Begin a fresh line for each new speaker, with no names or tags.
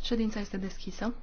ședința este deschisă.